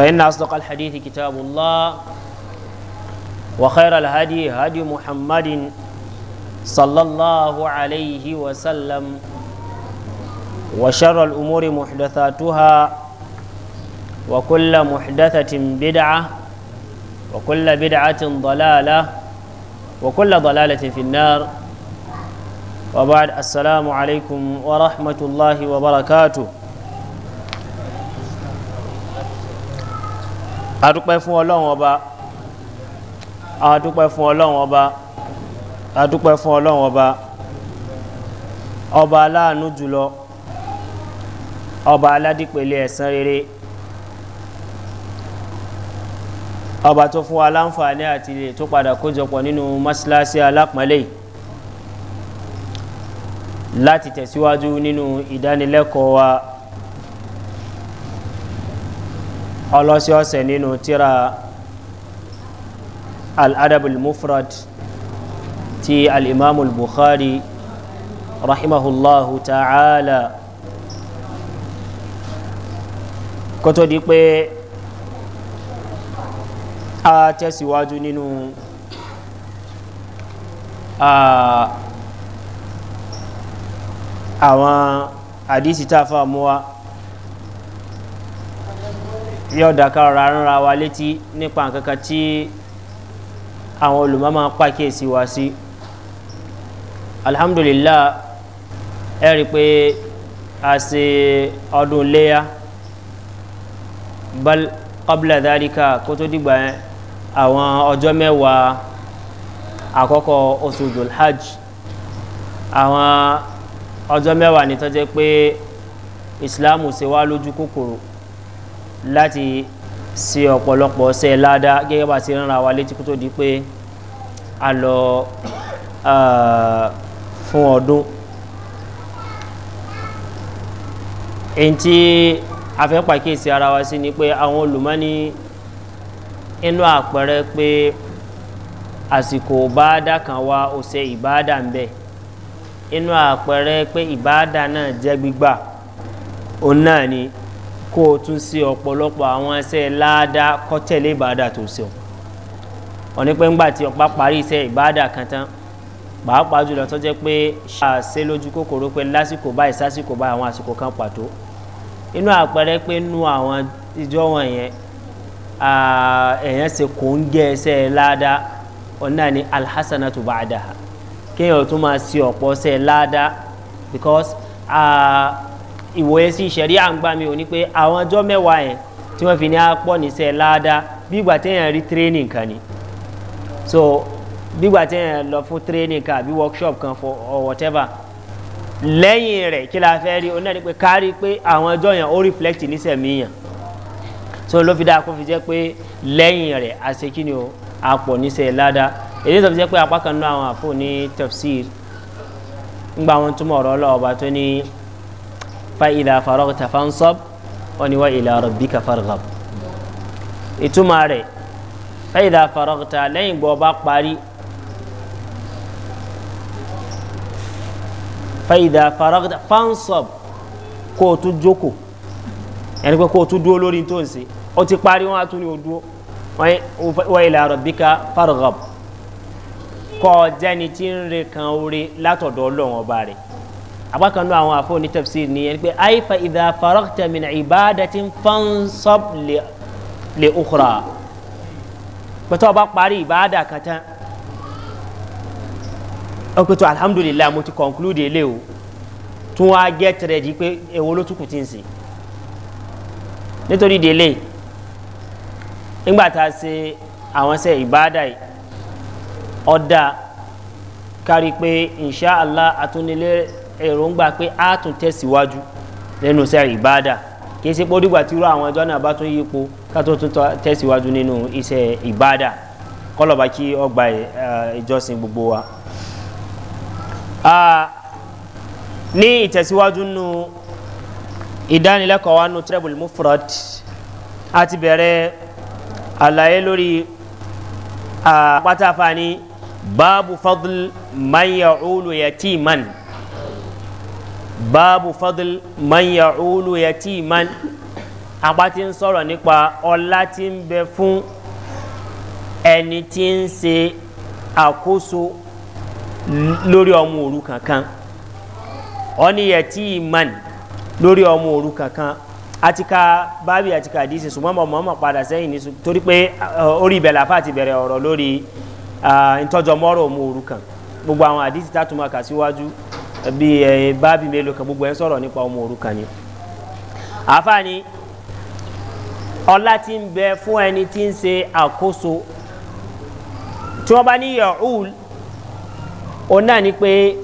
فإن أصدق الحديث كتاب الله وخير الهدي هدي محمد صلى الله عليه وسلم وشر الأمور محدثاتها وكل محدثة بدعة وكل بدعة ضلالة وكل ضلالة في النار وبعد السلام عليكم ورحمة الله وبركاته adúpẹ́ fún ọlọ́run ọba adúpẹ́ fún ọlọ́run ọba adúpẹ́ fún ọlọ́run ọba ọba aláàánú jùlọ ọba aládìpele ẹ̀sán rere ọba tó fún wa láǹfààní àti ilé tó padà kójọpọ̀ nínú mọ́ṣáláṣí alápọ̀nlé láti tẹ̀síwájú nínú ìdánilẹ́kọ̀ọ́ wa. ọlọ́sí ọ̀sẹ̀ nínú tíra al-adabul mufrad ti al-imamul bukhari rahimahullahu ta'ala kótó di pé a tẹ̀síwájú nínú àwọn àdísítà fáwọn yóò dàka ọ̀rọ̀ aránra wa létí nípa nǹkan kan tí àwọn olùmọ̀ máa ń pàkíyèsí wa sí alhamdulilah ẹ pé a ṣe ọdún léyà bal qabla dhalika kó tó dìgbà yẹn àwọn ọjọ́ mẹ́wàá àkọ́kọ́ oṣù julhaj àwọn ọjọ́ mẹ́wàá ni pé islam ṣe wá lójú kòkòrò láti ṣe ọ̀pọ̀lọpọ̀ ṣe ládá gẹ́gẹ́ bá ti ránra wa létí kó tó di pé a lọ fún ọdún èyí tí a fẹ́ pàkíyèsí ara wa sí ni pé àwọn olùmọ́ni inú àpẹẹrẹ pé àsìkò ìbáadá kan wá ọ̀sẹ̀ ìbáadá ń bẹ inú àpẹẹrẹ pé ìbáadá náà jẹ́ gbígbà òun náà ni kó o tún ṣe ọ̀pọ̀lọpọ̀ àwọn iṣẹ́ láàdá kọ́ tẹ̀lé ìbáàdà tó ṣe o ọ̀ní pé ńgbà tí ọ̀pá parí iṣẹ́ ìbáàdà kan tán pàápàá jùlọ tó jẹ́ pé ṣàṣe lójú kòkòrò pé lásìkò báyìí sásìkò báyìí àwọn àsìkò kan pàtó inú àpẹẹrẹ pé nú àwọn ìjọ wọn yẹn èèyàn ṣe kò ń gé ẹsẹ̀ láàdá ọ̀nà ni alhassanatu ba'daha kéèyàn tún máa ṣe ọ̀pọ̀ ṣe láàdá because. Uh, ìwòye sí ìṣẹ̀rí à ń gbà mí ò ní pé àwọn ọjọ́ mẹ́wàá yẹn tí wọ́n fi ní apọ̀ níṣẹ́ láadáa bí téèyàn rí training kan ni so bí ìgbà téèyàn lọ fún training kan àbí workshop kan for or whatever lẹ́yìn rẹ̀ kí la fẹ́ rí oní ẹni pé kárí pé àwọn ọjọ́ yẹn ó reflect níṣẹ́ mi yàn so ló fi dáa kó fi jẹ́ pé lẹ́yìn rẹ̀ àṣekínni o apọ̀ níṣẹ́ láadáa èyí tó fi jẹ́ pé apá kan náà àwọn àfò ní tefsir ń gba túmọ̀ ọ̀rọ̀ ọlọ́ọ̀ba tó ní fa'idà faragta fansab wani wa ila rabbika farghab ìtumọ̀ rẹ̀ fa'idà faragta lẹ́yìn gbọ́ bá parí fa'idà faragta fansab kó o tún jókòó ẹni pé kó o tún dúró lórí tó ń ṣe ó ti parí wọn á tún o dúró wa ila rabbika farghab kọ́ ọ jẹ́ni tí ń re kan oore látọ̀dọ̀ ọlọ́run ọba rẹ̀ abákan náà àwọn àfọ onítẹ̀fsí ni ẹni pé àìfà ìdá farọ́kítà mi náà ìbáàdà ti ń fọ́nsọ́p lè òkúra pẹ̀tọ́ ọba parí ìbáàdà kan tán ó pẹ̀tọ́ alhamdulilayi mo ti conclude ilé o tún wá gẹ́ tẹ̀rẹ̀ di pé èwo ló túkù ti nítorí délé nígbà tá àwọn ṣe ìbáàdà yìí ọ̀dà kárí pé inṣàlá àtúnilé èròǹgbà pé a tún tẹ̀síwájú nínú iṣẹ́ ìbáàdà kì í ṣe pé ó dìgbà tí irú àwọn ẹjọ́ náà bá tún yípo ká tó tún tẹ̀síwájú nínú iṣẹ́ ìbáàdà kọlọ̀bá kí ọgbà eh, ìjọsìn gbogbo wa. ní ìtẹ̀síwájú nínú ìdánilẹ́kọ̀ọ́ wa nínú treble mufrad a ti bẹ̀rẹ̀ àlàyé lórí pátáfà ní báàbù fadl mayahulu yatiman báàbù fọdùl mọ̀nyà òòlù yẹtì man apá ti ń sọ̀rọ̀ nípa ọlá ti ń bẹ fún ẹni tí ń ṣe àkóso lórí ọmọ òru kankan ọ̀nì yẹtì man lórí ọmọ òru kankan àti ka báàbí àti ka díìsì ṣùgbọ́n mọ̀ mọ́ padà sẹ́yìn ní torí pé uh, orí ìbẹ̀lẹ̀ àfa àti ìbẹ̀rẹ̀ ọ̀rọ̀ lórí uh, ìtọ́jọmọ́rọ̀ ọmọ òru kan gbogbo àwọn àdìsí tá a tún máa kà síwájú. Si bí ẹ báàbí mélòó kan gbogbo ẹ sọ̀rọ̀ nípa ọmọ òrukàn ni àfààní ọlá ti ń bẹ fún ẹni tí ń ṣe àkóso tí wọ́n bá ní yahul òun náà ni pé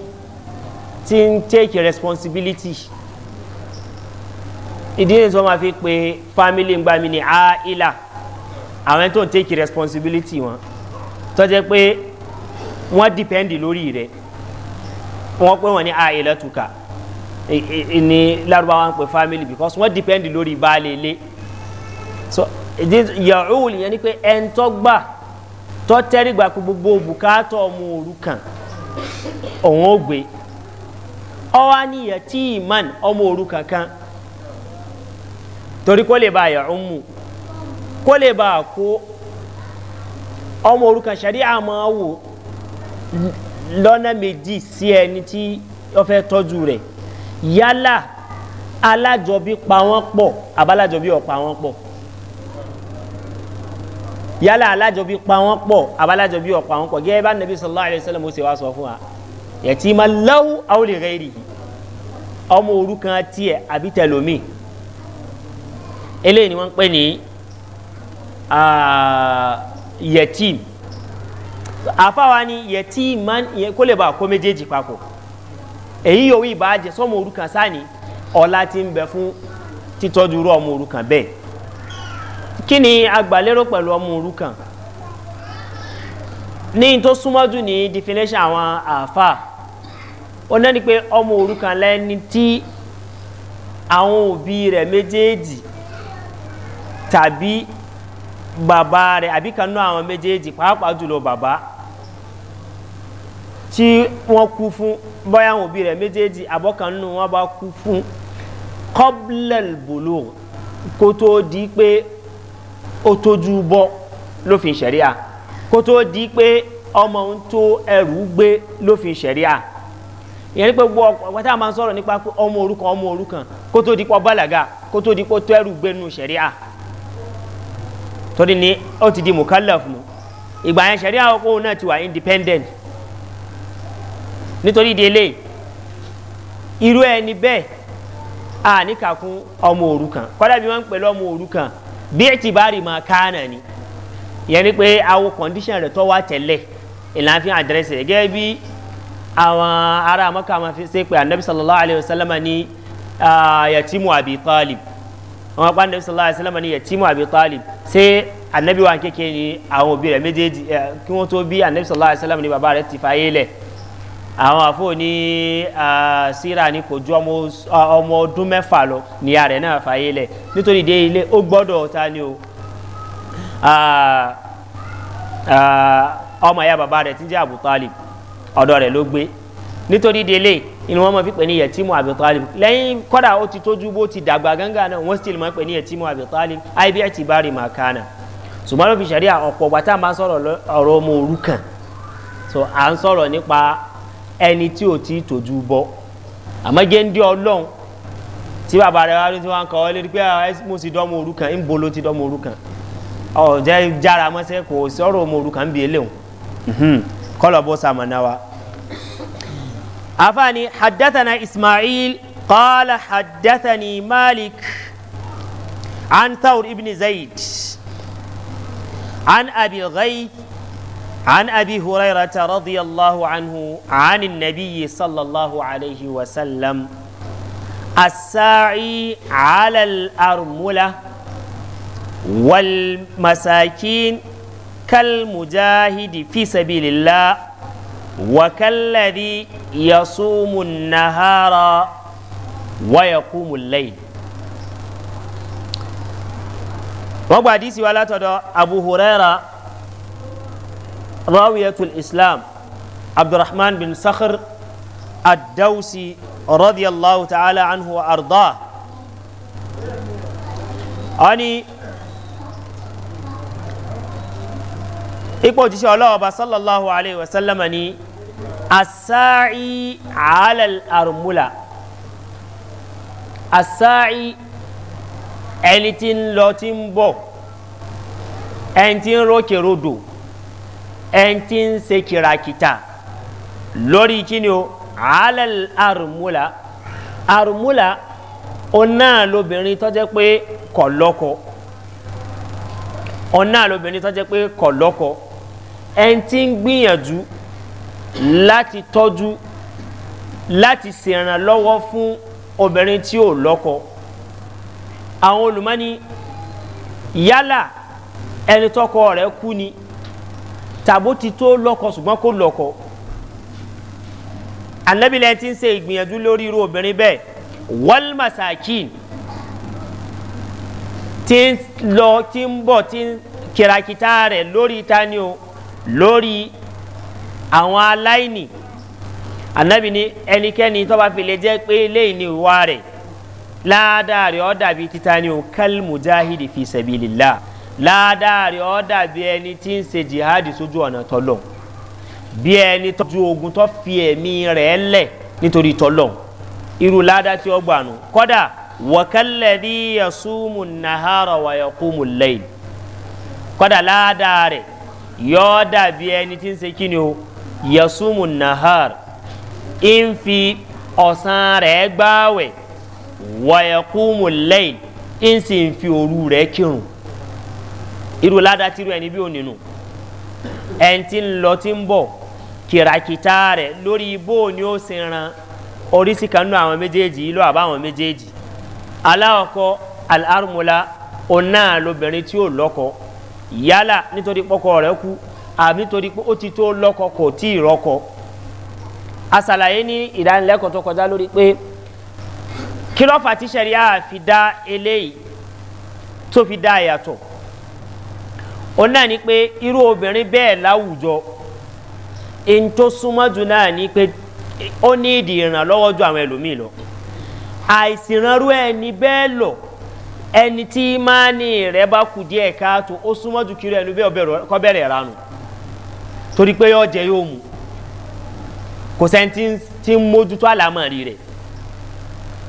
ti ń take responsibility ìdí ni tí wọ́n máa fi pe family ń gbà mí ní aila àwọn tó ń take responsibility wọn tó jẹ́ pé wọ́n depend lórí rẹ̀ wọ́n pé wọ́n ní àìlẹ̀ tuka ni larubawa ń family because wọ́n depend lori baálé ilé so yahoo yẹn ni pé ẹ̀ńtọ́gbà tọ́ tẹ́rìgbà pé gbogbo bùkátà ọmọ òru kan òun ó gbé ọwọ́ níyà tí ìmán ọmọ òru kankan torí kó lè ba yahoo mu kó lè ba kó ọmọ òru kan ṣàdí àmọ́ wò lọ́nà méjì sí ẹni tí wọ́n fẹ́ tọ́jú rẹ̀ yálà alájọbí pa wọ́n pọ̀ abalájọbí ọ̀ pa wọ́n pọ̀ yálà alájọbí pa wọ́n pọ̀ abalájọbí ọ̀ pa wọ́n pọ̀ gẹ́gẹ́ bá nàbí sọlá àlẹ́ sẹ́lẹ̀ mo ṣe wá sọ fún wa yẹtí ma láwù àwọn lè rẹ́ yìí ọmọ orúkan tiẹ̀ àbí tẹlomi eléyìí ni wọ́n ń pè ní yẹtí. Uh, ah, àfáwa ni yẹtí man yẹ kó lè bá kó méjèèjì papọ̀ èyí yòówù ìbàjẹ́ sọmọ orúkàn sáni ọ̀la ti ń bẹ fún títọ́jú irú ọmọ orúkàn bẹ́ẹ̀ kí ni agbàlérò pẹ̀lú ọmọ orúkàn ní tó súnmọ́jú ní definition àwọn afa, ó náà ni pé ọmọ orúkàn lẹ́ni tí àwọn òbí rẹ̀ méjèèjì tàbí bàbá rẹ̀ àbí kan náà àwọn méjèèjì pàápàá jùlọ bàbá tí wọ́n kú fún bóyá àwọn òbí rẹ̀ méjèèjì àbọ̀kan nínú wọn bá kú fún kọ́blẹ̀l bòló kó tó di pé ó tójú bọ́ lófin sẹ̀ríà kó tó di pé ọmọ ń tó ẹrù gbé lófin sẹ̀ríà ìyẹn ní gbogbo ọ̀pọ̀ tá a máa ń sọ̀rọ̀ nípa ọmọ òrukàn ọmọ òrukàn kó tó di pọ̀ bàlágà kó tó di pọ̀ tó ẹrù gbé nínú sẹ̀ríà torí ni ó ti di mùkálà fún un ìgbà yẹn sẹ̀ríà ọkọ̀ independent nítorí ìdí eléyìí irú ẹni bẹ́ẹ̀ a níkà kún ọmọ òru kan kọ́dà bí wọ́n ń pẹ̀lú ọmọ òru kan bí ẹtì bá rí máa káànà ni ìyẹn ni pé àwọn kọ́ndíṣàn rẹ̀ tọ́ wá tẹ̀lẹ̀ ìlànà fi àdírẹ́sì rẹ̀ gẹ́gẹ́ bí àwọn ará amọ́ká máa fi ṣe pé anabi sallallahu alayhi wa sallam ni yatimu abi talib àwọn apá anabi sallallahu alayhi wa sallam ni yatimu abi talib ṣé anabi wa kékeré ni àwọn òbí rẹ̀ méjèèjì kí wọ́n tó bí anabi sallallahu alayhi wa sallam ni bàbá rẹ̀ ti fàyè lẹ̀ àwọn àfọ ní síra ní kò ju ọmọ ọdún mẹ́fà lọ níyà rẹ̀ náà fàyè lẹ̀ nítorí dé ilé ó gbọ́dọ̀ ta ni o ọmọ ìyá bàbá rẹ̀ tí ń jẹ́ àbútálì ọ̀dọ̀ rẹ̀ ló gbé nítorí délé inú wọn mọ̀ fi pè ní yẹtímù àbítálì lẹ́yìn kọ́dà ó ti tójú bó ti dàgbà gángan náà wọ́n still mọ̀ pè ní yẹtímù àbítálì ibx ti bá rí màkánà ṣùgbọ́n ló fi ṣàríà ọ̀pọ̀ gbàtà máa sọ̀rọ̀ ọ̀rọ̀ ọmọ òrukàn so à ń sọ̀rọ̀ nípa ẹni tí ò tí tòjú bọ àmọ́ jẹ́ ń dé ọlọ́run tí bàbá rẹ̀ wá tí wọ́n ń ọ lérí pé ah, mo sì dọ́mọ orúkàn ń bolo ti dọ́mọ orúkàn ọ̀ jẹ́ jára mọ́sẹ́ kò sọ̀rọ̀ ọmọ orúkàn ń bi eléhùn mhm. kọ́lọ̀ bó sàmọ̀nà wa. afaani hadathana ismail qaala hadathani malik an thawr ibn zayd an abi ghayth عن أبي هريرة رضي الله عنه عن النبي صلى الله عليه وسلم الساعي على الأرملة والمساكين كالمجاهد في سبيل الله وكالذي يصوم النهار ويقوم الليل وقال حديثي ولا تدع أبو هريرة rawiyatul islam abdurrahman bin sakhr ad-dawsi radiyallahu ta'ala anhu wa arda ani ipò òjíṣẹ́ ọlọ́wọ́ bá sallallahu alayhi wa sallama ni asaa'i alal armula asaa'i ẹni tí ń lọ tí ń bọ̀ ẹni tí ń rókè rodò ẹn tí ń ṣe kìràkìtà lórí kíni o alal arumula, arumula ona lobìnrin tó jẹ́ pé kọ̀ lọ́kọ ọ̀nà lobìnrin tó jẹ́ pé kọ̀ lọ́kọ ẹn tí ń gbìyànjú láti tọ́jú láti ṣèrànlọ́wọ́ fún obìnrin tí ò lọ́kọ àwọn olùmọ́ni yálà ẹni tọkọ rẹ̀ kú ni. Yala, tàbó ti tó lọ́kọ ṣùgbọ́n kò lọ́kọ anábìlẹ̀ ti ń ṣe ìgbìyànjú lórí irú obìnrin bẹ́ẹ̀ wal masakin ti ń lọ ti ń bọ̀ ti ń kìràkìtà rẹ̀ lórí tani o lórí àwọn aláìní anabi ni ẹnikẹ́ni tó bá fi lè jẹ́ pé eléyìí ni ìwà rẹ̀ ládàá rẹ̀ ọ́ o kálmù jáhìdì fi sẹ̀bi lìlá ládàárí ọ dàbí ẹni tí ń ṣe jihad sójú ọ̀nà tọ́lọ̀ bí ẹni tọ́jú ogun tó fi ẹ̀mí rẹ̀ lẹ̀ nítorí tọ́lọ̀ irú ládà tí ó gbà nù kọ́dà wọ́kẹ́lẹ̀ ní yasumu nahara wayakumu lẹ́yìn kọ́dà ládàárí yọ dàbí ẹni tí ń ṣe kíni o yasumu nahara ń fi ọ̀sán rẹ̀ gbáwẹ̀ wayakumu lẹ́yìn ń sì ń fi òru rẹ̀ kírun irú ládàá tìrú ẹni bí ò nínú ẹni tí ń lọ tí ń bọ̀ kìràkìtà rẹ̀ lórí bó ni ó ṣe ran oríṣi kan nú àwọn méjèèjì ìlú àbáwọn méjèèjì aláwọ̀kọ́ alárùmọ́lá ọ̀nà lobìnrin tí ó lọ́kọ yálà nítorí pọ́kọ rẹ̀ kú àbí nítorí pé ó ti tó lọ́kọ kò tí ì rọ́kọ asàlàyé ní ìdánilẹ́kọ̀ọ́ tó kọjá lórí pé kí lọ́fà tíṣẹ̀rí àfi dá eléyìí tó fi dá ìyàtọ̀ òun náà ni pé irú obìnrin bẹ́ẹ̀ láwùjọ in tó súnmọ́jú náà ni pé ó ní ìdí ìrànlọ́wọ́ ju àwọn ẹlòmíì lọ àìsìnrànrú ẹni bẹ́ẹ̀ lọ ẹni tí ìmánì rẹ̀ bá kù díẹ̀ káàtó ó súnmọ́jú kiri ẹnu bẹ́ẹ̀ kọ́ bẹ̀rẹ̀ ránu torí pé yóò jẹ yóò mu kò sẹ́ni tí ń mójútó àlámọ̀rí rẹ̀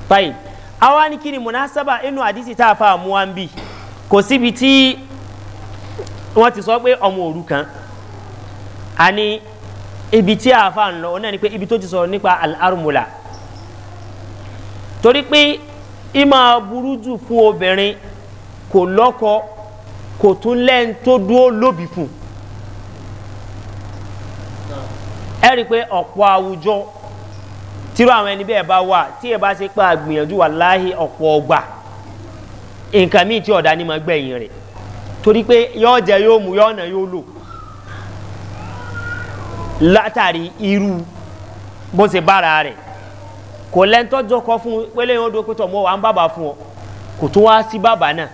báyìí àwa ni kí ni mùnásàbà inú àdìsí tá a fa àmúwá ń bì kò síbi tí wọ́n ti sọ pé ọmọ òru kan a ní ibi tí àáfà ń lọ náà ni pé ibi tó ti sọ̀rọ̀ nípa alárùmùlà torí pé ìmọ̀ burú jù fún obìnrin kò lọ́kọ kò tún lẹ́yìn tó dúró lóbi fún ẹ rí i pé ọ̀pọ̀ àwùjọ tírú àwọn ẹni bẹ́ẹ̀ bá wà tí ẹ bá ṣe pé àgbìyànjú wà láàyè ọ̀pọ̀ ọgbà nǹkan míì tí ọ̀dà ni mo gbẹ̀yìn rẹ̀. torí pé yóò jẹ yóò mú yóò nà yóò lò látàrí irú bó ṣe bára rẹ̀ kò lẹ́ńtọ́jọ́ kọ fún un pé lẹ́yìn odò pétọ́ mọ́ wa ń bàbà fún ọ kò tún wá sí bàbà náà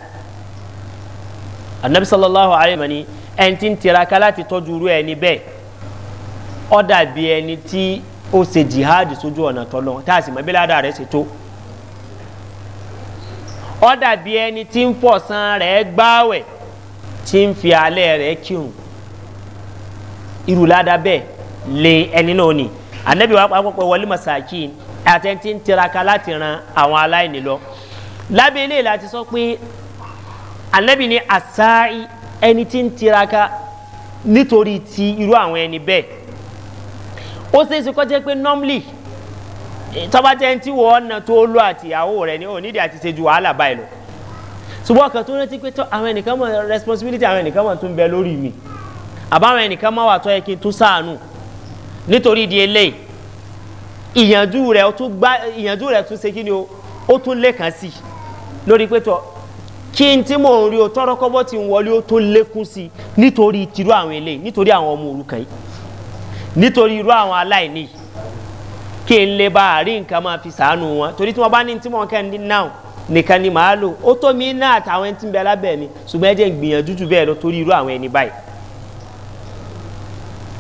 anabi sallallahu alayhi wa ni ẹni tí ń tiraka láti tọ́jú irú ẹni bẹ́ẹ̀ ọ dàbí ẹni tí ó ṣe jihadi sójú ọ̀nà tọ́lọ́ tá a sì mọ bí ládàá rẹ̀ ṣe tó ọ dàbí ẹni tí ń fọ̀sán rẹ̀ gbáwẹ̀ tí ń fi alẹ́ rẹ̀ kírun irú ládàá bẹ́ẹ̀ lé ẹni náà ni anabi wa pàápàá wọlé masakin àtẹ̀ntì ń tiraka láti ran àwọn aláìní lọ lábẹ́ ilé láti sọ pé anabi ni asaayi ẹni tí ń tiraka nítorí ti irú àwọn ẹni bẹ́ẹ̀ ó ṣe é ṣe kọ́ jẹ́ pé normally tọ́ba jẹ́ ń tí wọ́n ọ̀nà tó lọ àtìyàwó rẹ̀ ni ò nídìí àti ṣe ju wàhálà báyìí lọ ṣùgbọ́n ọkàn tó rántí pé tó àwọn ẹnìkan mọ̀ responsibility àwọn ẹnìkan mọ̀ tó ń bẹ lórí mi àbáwọn ẹnìkan mọ̀ wà tó yẹ kí n tún sáànù nítorí ìdí eléyìí ìyànjú rẹ̀ tún gbá ìyànjú rẹ̀ tún ṣe kí ni o ó tún lẹ́kàn sí i lórí pé tó kí n tí mò ń rí o tọ́rọ́ kọ́bọ́ ti ń wọlé ó tún lékún sí i nítorí tìrú àwọn eléyìí nítorí àwọn ọmọ òrukàn yìí nítorí irú àwọn aláìní kí n lè bá àárín nǹkan máa fi sàánù wọn torí tí wọ́n bá ní tí wọ́n kẹ́ ń dín náà nìkan ni màá lò ó tó mi náà àtàwọn ẹni tí ń bẹ lábẹ́ mi ṣùgbọ́n ẹ jẹ́ ń gbìyànjú jù bẹ́ẹ̀ lọ torí irú àwọn ẹni báyìí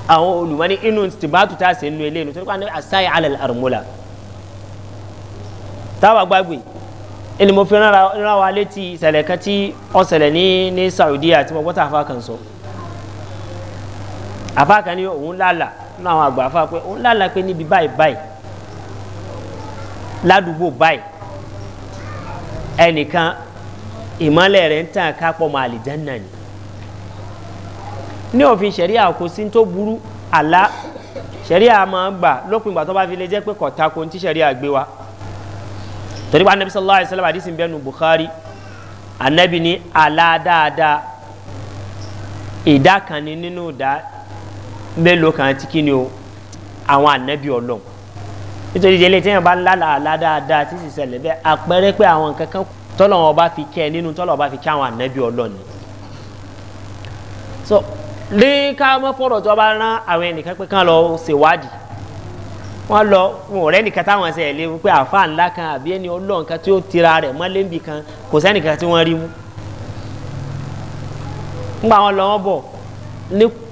àwọn olùmọ́ni inú tìbátù tá a sì ń lo eléyìí nítorí pé àṣàyè alẹ́ àrùmọ́là táwa gbàgbé ẹni mo fi wa létí ìṣẹ̀lẹ̀ kan tí wọ́n ṣẹlẹ̀ ní ní saudi àti mo gbọ́tà àfa kan ẹnìkan ìmọ̀lẹ̀ rẹ̀ ń tàn kápọ̀ mọ́ àlìjánná ni ní òfin sẹ̀ríà kò sí tó burú àlá sẹ̀ríà máa ń gbà lópin ìgbà tó bá fi lè jẹ́ pé kọ̀ọ̀ta kò ń sẹ̀ríà gbé wa torí bá anabi sallallahu alayhi àdìsí bẹ́ẹ̀ nu bukhari anabi ní àlá dáadáa ìdá kan ní nínú ìdá mélòó kan tí kí ni o àwọn anabi ọlọ́run nítorí ìdílé tí yẹn bá lálàálá dáadáa tí sì ṣẹlẹ̀ bẹ́ẹ̀ àpẹẹrẹ pé àwọn nǹkan kan tọ́lọ̀ wọn bá fi kẹ́ nínú tọ́lọ̀ bá fi kẹ́ àwọn ànábì ọlọ́ni. so ní ká mọ́ fọ̀rọ̀ tó bá rán àwọn ẹnìkan pé kán lọ ṣèwádìí wọ́n lọ wọn ò rẹ́nìkan táwọn ẹsẹ̀ lé wípé àfa ńlá kan àbí ẹni ọlọ́run kan tí ó tira rẹ̀ mọ́lẹ́bí kan kò sẹ́nìkan tí wọ́n rí mú. ńgbà wọn lọ wọn bọ̀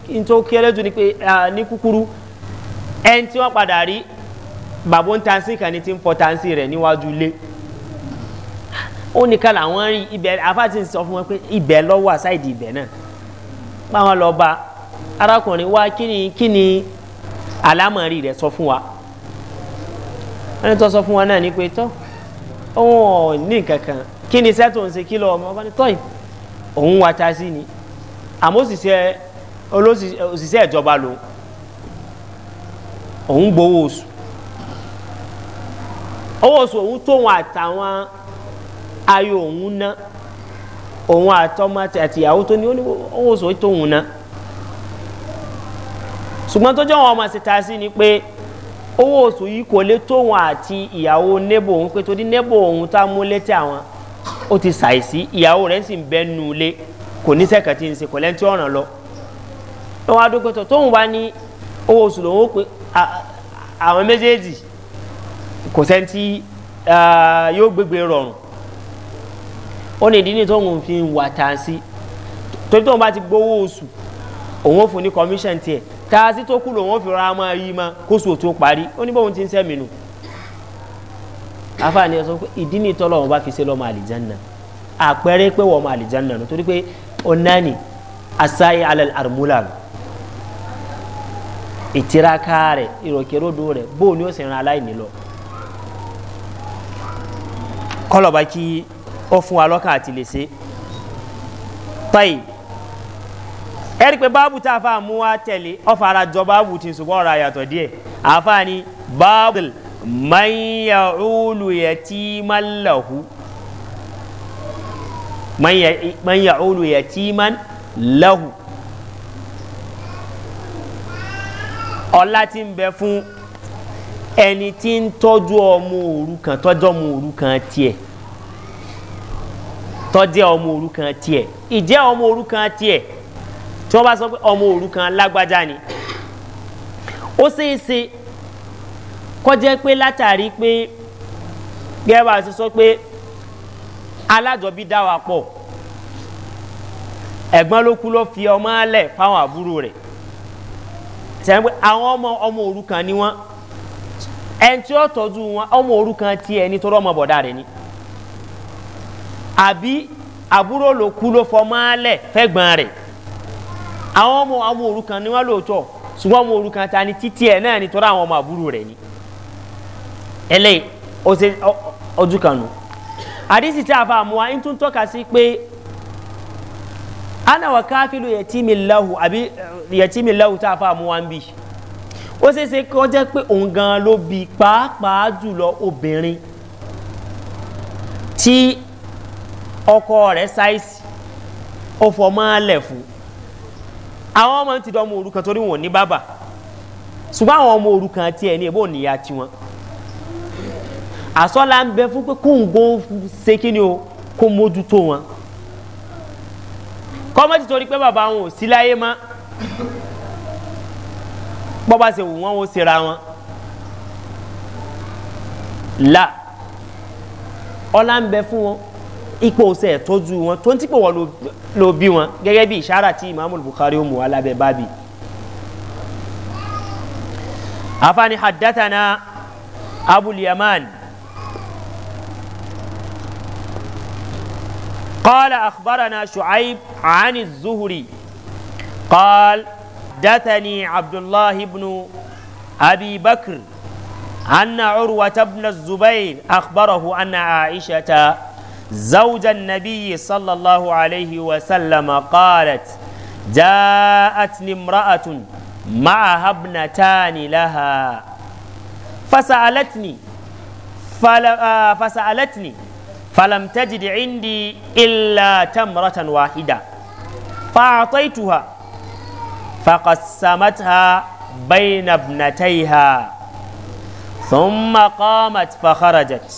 ní tó kéré jù ní kúkúrú ẹni tí wọ́n padà rí bàbá ń tansí kan ní ti ń fọ tansí rẹ̀ níwájú ilé ó nìkan làwọn rí afáàtì ń sọ fún wọn pé ibẹ̀ lọ́wọ́ àṣàìdì ibẹ̀ náà báwọn lọ bá arákùnrin wa kí ni kí ni àlámọ̀rí rẹ̀ sọ fún wa ẹni tó sọ fún wa náà ní pé tọ́ òun ò ní nǹkan kí ni sẹ́tò ń ṣe kí lọ ọmọ ọba ní tọ́yì òun wa ta sí ni àmọ́ òṣìṣẹ́ olóṣìṣẹ́ ìjọba lòun òun gbowó oṣù owó oṣù òun tóun àtàwọn ayò òun ná òun àtọmọ àtìyàwó tó ní owó oṣù tóun ná ṣùgbọ́n tó jẹ́ wọn ọmọ síta sí ni pé owó oṣù yìí kò lè tóun àti ìyàwó nebo òun pé torí nebo òun tá a mú létí àwọn ó ti ṣàìsí ìyàwó rẹ̀ sì ń bẹ́ nu ilé kò ní sẹ́kẹ̀ tí ń se kò lẹ́ni tí ọ̀ràn lọ lọ́wọ́ adókòtò tóun wá ní owó oṣù lòun ó pé àwọn méjèèjì kò sẹ́ni tí yóò gbégbé rọrùn ó ní ìdí ní tóun fi ń wà tàǹsí torí tóun bá ti gbowó oṣù òun ò fún ní commission tiẹ̀ tàǹsí tó kù lòun ò fi ra máa yí ma kóṣù ò tó parí ó ní bóun ti ń sẹ́mi nù afa ẹ sọ pé ìdí ní tọ́lọ̀ wọn bá fi ṣe lọ́mọ àlìjánná àpẹẹrẹ pé wọ́n mọ àlìjánná nù torí pé onani asai alal armula ìtiraka rẹ̀ ìrọ̀kẹ́rọ̀dọ̀ rẹ̀ bóun ni ó sì ń ra aláìní lọ kọlọba kí ó fún wa lọ́kàn àti lè ṣe tọ́yì ẹ̀rí pé báàbù tá a fà mú wa tẹ̀lé ọ̀fà ara jọ báàbù tí ṣùgbọ́n ọ̀rọ̀ àyàtọ̀ díẹ̀ àáfà ni báàbù mọ̀nyà òòlù yẹ tí má lọ̀hù mọ̀nyà òòlù yẹ tí má lọ̀hù ọ̀la ti ń bẹ fún ẹni tí ń tọ́jú ọmọ òrukàn tọ́jú ọmọ òrukàn tiẹ̀ tọ́jú ọmọ òrukàn tiẹ̀ ìjẹ́ ọmọ òrukàn tiẹ̀ tí wọ́n bá sọ pé ọmọ òrukàn lágbájá ni ó ṣeé ṣe kọjá pé látàrí pé gẹ́gẹ́ bá a ṣe sọ pé alájọbí dá wa pọ̀ ẹ̀gbọ́n ló kú ló fi ọmọ alẹ̀ fáwọn àbúrò rẹ̀ sẹ́yìn àwọn ọmọ ọmọ òrukàn ni wọ́n. ẹnití ó tọ́jú wọn ọmọ orúkan tiẹ̀ tọrọ ọmọ bọ̀dá rẹ ni àbí àbúrò ló kú ló fọmọ́lẹ̀ fẹ́gbọ́n rẹ̀ àwọn ọmọ ọmọ ni wọ́n lóòótọ́ ṣùgbọ́n ọmọ orukan ta ni títí náà àwọn ọmọ àbúrò a fa àmúwa ń tún sí pé ana wa káfílù yẹtí mi àbí yẹtí mi ó ṣeé ṣe kó jẹ́ pé òun gan ló bi pàápàá jùlọ obìnrin tí ọkọ rẹ̀ ṣáìsì ó fọmọ́ alẹ̀ fún àwọn ọmọ ti dọ́ ọmọ òrukàn torí wọn ò ní bàbà ṣùgbọ́n àwọn ọmọ òrukàn tiẹ̀ ní ebó níyà tiwọn àsọ́lá ń bẹ fún pé kó ń gbó ṣe kí ni o kó mójútó wọn kọ́mọ́tì torí pé bàbá wọn ò sí láyé mọ́ bọ́bá ṣe wù wọ́n ó ṣera wọn là ọlá ń bẹ fún wọn ipò ṣe ẹ̀tọ́jú wọn tó ń tí pò wọ́n ló bí wọn gẹ́gẹ́ bí ìṣára tí imaamu bukari ó mú wa lábẹ́ bábí. afaani haddatana abul yaman قال أخبرنا شعيب عن الزهري قال حدثني عبد الله بن أبي بكر أن عروة بن الزبير أخبره أن عائشة زوج النبي صلى الله عليه وسلم قالت جاءتني امرأة معها ابنتان لها فسألتني آه، فسألتني فلم تجد عندي إلا تمرة واحدة فأعطيتها فقسمتها بين ابنتيها ثم قامت فخرجت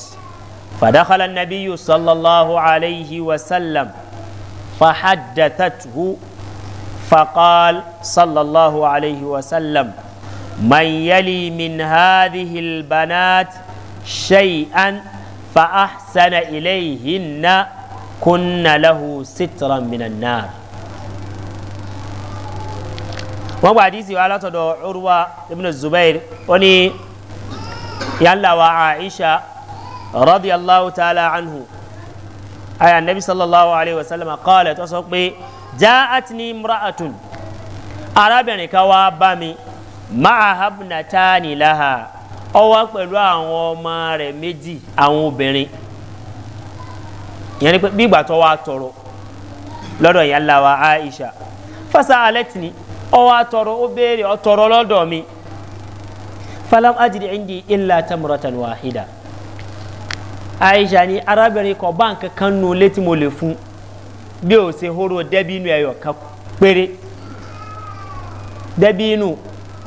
فدخل النبي صلى الله عليه وسلم فحدثته فقال صلى الله عليه وسلم من يلي من هذه البنات شيئا فأحسن إليهن كن له سترا من النار wọ́n gba àdísì wa látọ̀dọ̀ urwa ibn zubair ó ní yàrá wa aisha radiyallahu ta'ala anhu aya nabi sallallahu alayhi wa sallam kọ́lẹ̀ tó sọ pé já àtìní mura'atun arábìnrin kan wá bá mi máa habna tani laha ọ wá pẹ̀lú àwọn ọmọ rẹ̀ méjì àwọn obìnrin yẹn ni pé bí ìgbà tó wá tọrọ lọ́dọ̀ yàrá aisha fasa alẹ́tìní ọwọ́ atọrọ ó béèrè ọtọrọ lọ́dọ̀ mi falam ajiri indi illa tamuratan wahida aisha ni arábìnrin kan bá nǹkan kan nu létí mo lè fún bí o ṣe horo dẹ́bí inú ẹ̀yọ̀ kan péré dẹ́bí inú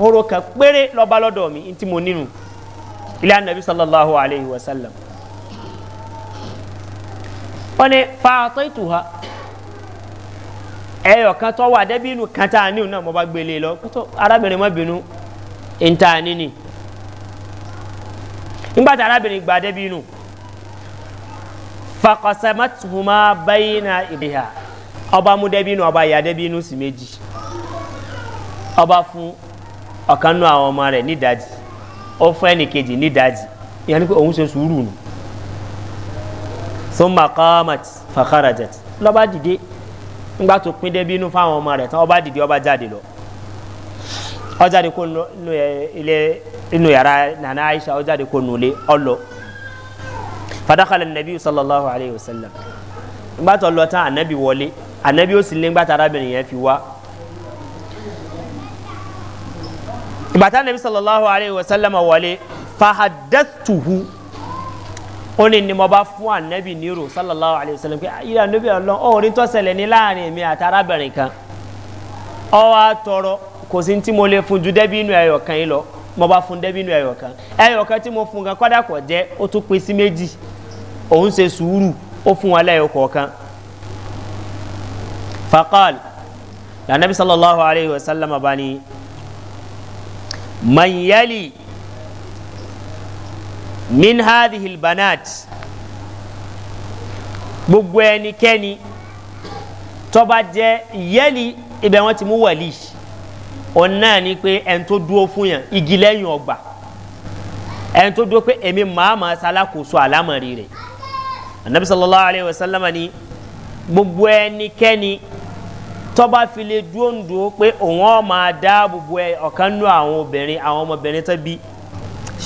horo kan péré lọ́ba lọ́dọ̀ mi ntí mo nínú ilé anabi sallallahu alayhi wa sallam wọ́n ní fàátóìtù ha ẹyọ kan tó wà dẹ́bìnú kan tá a ní náà mo bá gbélé e e lọ pẹ́tọ́ arábìnrin má bínú ń tá a níní nígbà tí arábìnrin gba dẹ́bìnú fakọsẹ́mẹ́tùmá bẹ́yìnà ìbíhà ọba mú dẹ́bìnú ọba ìyá dẹ́bìnú sí méjì ọba fún ọ̀kan nú àwọn ọmọ rẹ̀ nídàájì ó fún ẹnìkejì nídàájì ìyá ni pé òun ṣe sùúrù nù sọ́mà kọ́mọ̀tì fàkàràjẹ̀tì lọ́ba dìde ńgbà tó pín débi inú fáwọn ọmọ rẹ̀ tán ọba dìde ọba jáde lọ ọjáde kó nu ilé inú yàrá nana aisha ọjáde kó nu ilé ọlọ fadakala nabi sallallahu alayhi wa sallam ńgbà tó lọ tán anabi wọlé anabi ó sì lé ńgbà tó arábìnrin yẹn fi wá ìgbà tá sallallahu alayhi wa sallam wọlé fahadatuhu ó ní ni mo bá fún anabi nírò sallallahu alayhi wa sallam pé ayé ah, anabi ọlọ́n ó ní tọ́sẹ̀lẹ̀ ní láàrin mi àti arábìnrin kan ọ wá tọrọ kò sí tí mo lè fún ju dẹ́bí inú ẹ̀yọ̀ kan yìí lọ mo bá fún dẹ́bí inú ẹ̀yọ̀ kan ẹ̀yọ̀ kan tí mo fún kan kọ́dà kọ̀ jẹ́ ó tún pin sí méjì òun ṣe sùúrù ó fún wọn lẹ́yọ̀ kọ̀ọ̀kan. fakal lànàbí sallallahu alayhi wa sallam abani mayali min hadhihi albanat gbogbo ẹnikẹ́ni tọ́ba jẹ́ yẹ́lì ibẹ̀ wọ́n ti mú wàlí òun náà ni pé ẹni tó dúró fún yàn igi lẹ́yìn ọgbà ẹni tó dúró pé èmi màá ma ṣalákòóso àlámọ̀rí rẹ̀ anabi sallallahu alayhi wa sallam ni gbogbo ẹnikẹ́ni tọ́ba fi dúró ń dúró pé òun ọ̀ máa dáàbò bo ọ̀kan nú àwọn obìnrin àwọn ọmọbìnrin tó bí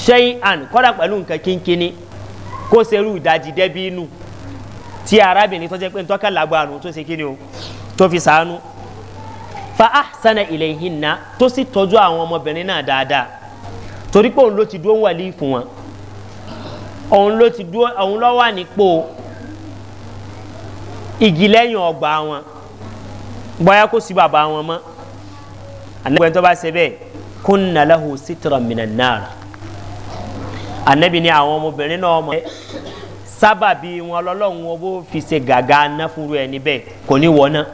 ṣẹ́yìn àn kọ́dà pẹ̀lú nǹkan kínkínní kó serú ìdajì dẹ́bí inú tí arábìnrin tó jẹ́ pé ntọ́ka làgbàánu tó ṣe kíni o tó fi sànú fa ahsana ilẹ̀ ìhìnà tó sì tọ́jú àwọn ọmọbìnrin náà dáadáa torí pé òun ló ti dúró wà líì fún wọn òun ló ti dúró òun lọ́ wà nípò igi lẹ́yìn ọgbà wọn bóyá kó sí bàbá wọn mọ́ àná ìgbẹ́ntọ́ bá ṣe bẹ́ẹ̀ kó nàlẹ́ hù sítìrọ̀ mìíràn náà anabi ni àwọn ọmọbìnrin náà mọ̀ sábàbí wọn lọ́lọ́run wọn bó fi ṣe gàgà aná fúnru ẹni bẹ́ẹ̀ kò ní wọ́n náà.